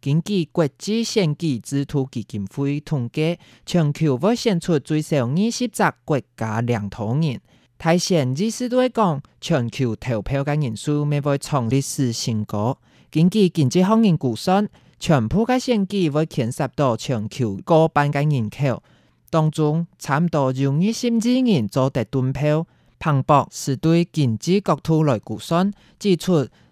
根據國際選舉制度基金會統計，全球會選出最少二十個國家領導人。台前記者對講，全球投票嘅人數未會創歷史新高。根據經濟學人估算，全部嘅選舉會牽涉到全球過半嘅人口，當中差不多有二十億人做直選票。彭博是對經濟國土來估算，指出。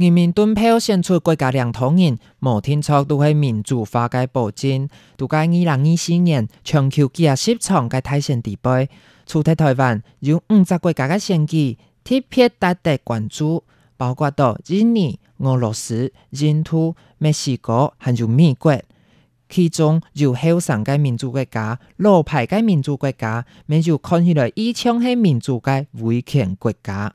人民投票選出國家領導人，每天操都是民主化嘅保證，就在2024年，全球幾十場嘅泰盛地杯。除咗台灣，有五個國家嘅選舉特別值得關注，包括到印尼、俄羅斯、印度、墨西哥，還有美國。其中，有後生嘅民主國家，老牌的民主國家，咪就看起來已經的民主嘅威權國家。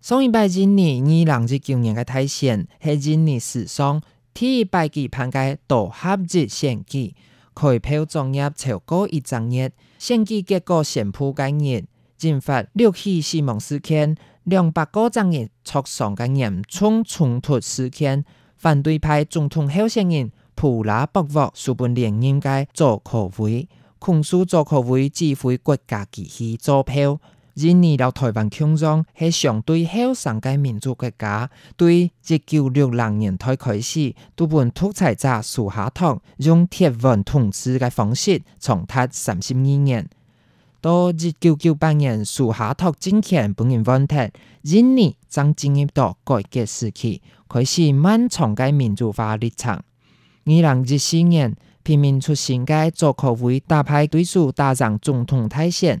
上一屆二零二零一九年嘅大選，係印尼史上第一擺舉辦嘅大合制選舉，開票作業超過一整日。選舉結果宣布嘅日，引發六起死亡事件，兩百個爭議，觸上嘅嚴重衝突事件。反對派總統候選人普拉博沃宣布連任嘅作客會，控訴作客會指揮國家機器作票。印尼在臺灣村莊係相對後生嘅民族國家，對一九六零年代開始，日本獨裁者蘇哈托用鐵腕統治的方式長達三十二年，到一九九八年蘇哈托政權被瓦解，印尼將進入到改革時期，開始漫長嘅民主化歷程。二零一四年，平民出身嘅佐科威打敗對手，擔任總統大選。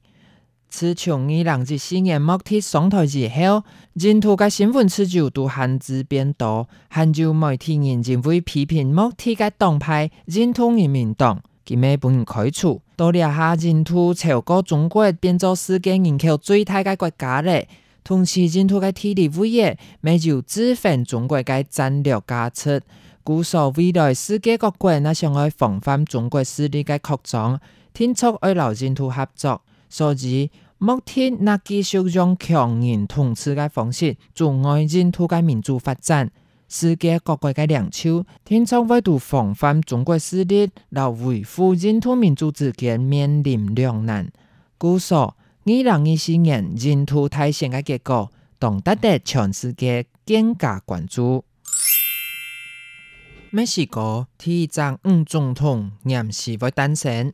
自從二零一四年莫迪上台之後，印度嘅新聞持久度限制變多，很多媒體人認為批評莫迪嘅黨派——印度人民黨，佮咩本人開除。到了下印度超過中國，變做世界人口最大嘅國家咧。同時，印度嘅地理位置，咪就資份中國嘅戰略價值。故所未來世界各國，那想要防範中國勢力嘅擴張，天促要留印度合作。所以，目前仍繼續用強硬統治的方式阻礙印度的民主發展，世界各國嘅領袖，天窗，為了防範中國勢力，來維護印度民族之間面臨兩難。據說，二零二四年印度大選的結果，值得得全世界更加關注。墨西哥第一任、嗯、總統暗示會誕生。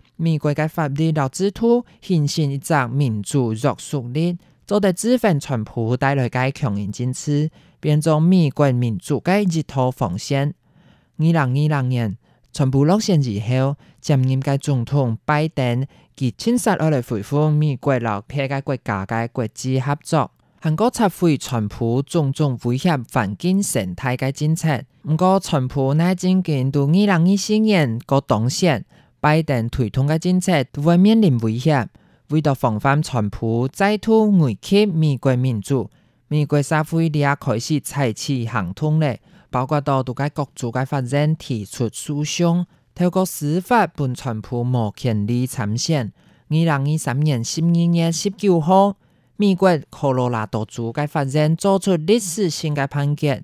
美國嘅法律制度，形成一隻民主約束力，就對資本川普帶來嘅強硬堅持，變作美國民主嘅一道防線。二零二零年，川普落選之後，前任該總統拜登，及親晰我哋恢復美國老派嘅國家嘅國際合作。韓國撤回川普種種威脅環境生態嘅政策，唔過川普乃政見對二零二四年個當選。拜登推動嘅政策都會面臨威脅，為到防範川普再度危及美國民主，美國社會也開始採取行動了，包括多度嘅各州嘅法院提出訴訟，透過司法判川普無權利參選。二零二三年十二月十九號，美國科羅拉多州嘅法院作出歷史性嘅判決。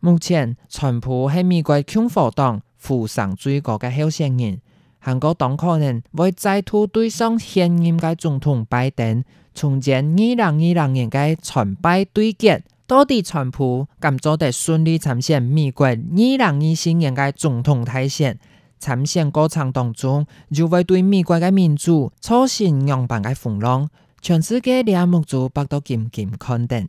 目前川普係美國共和黨呼聲最高的候選人，韓國黨可能會再度對上現任嘅總統拜登，從前二零二零年嘅川拜對決，到底川普敢做得順利參選美國二零二四年嘅總統大選，參選過程當中就會對美國的民主造成嚴重的奉讓。全世界嘅民主不得漸漸肯定。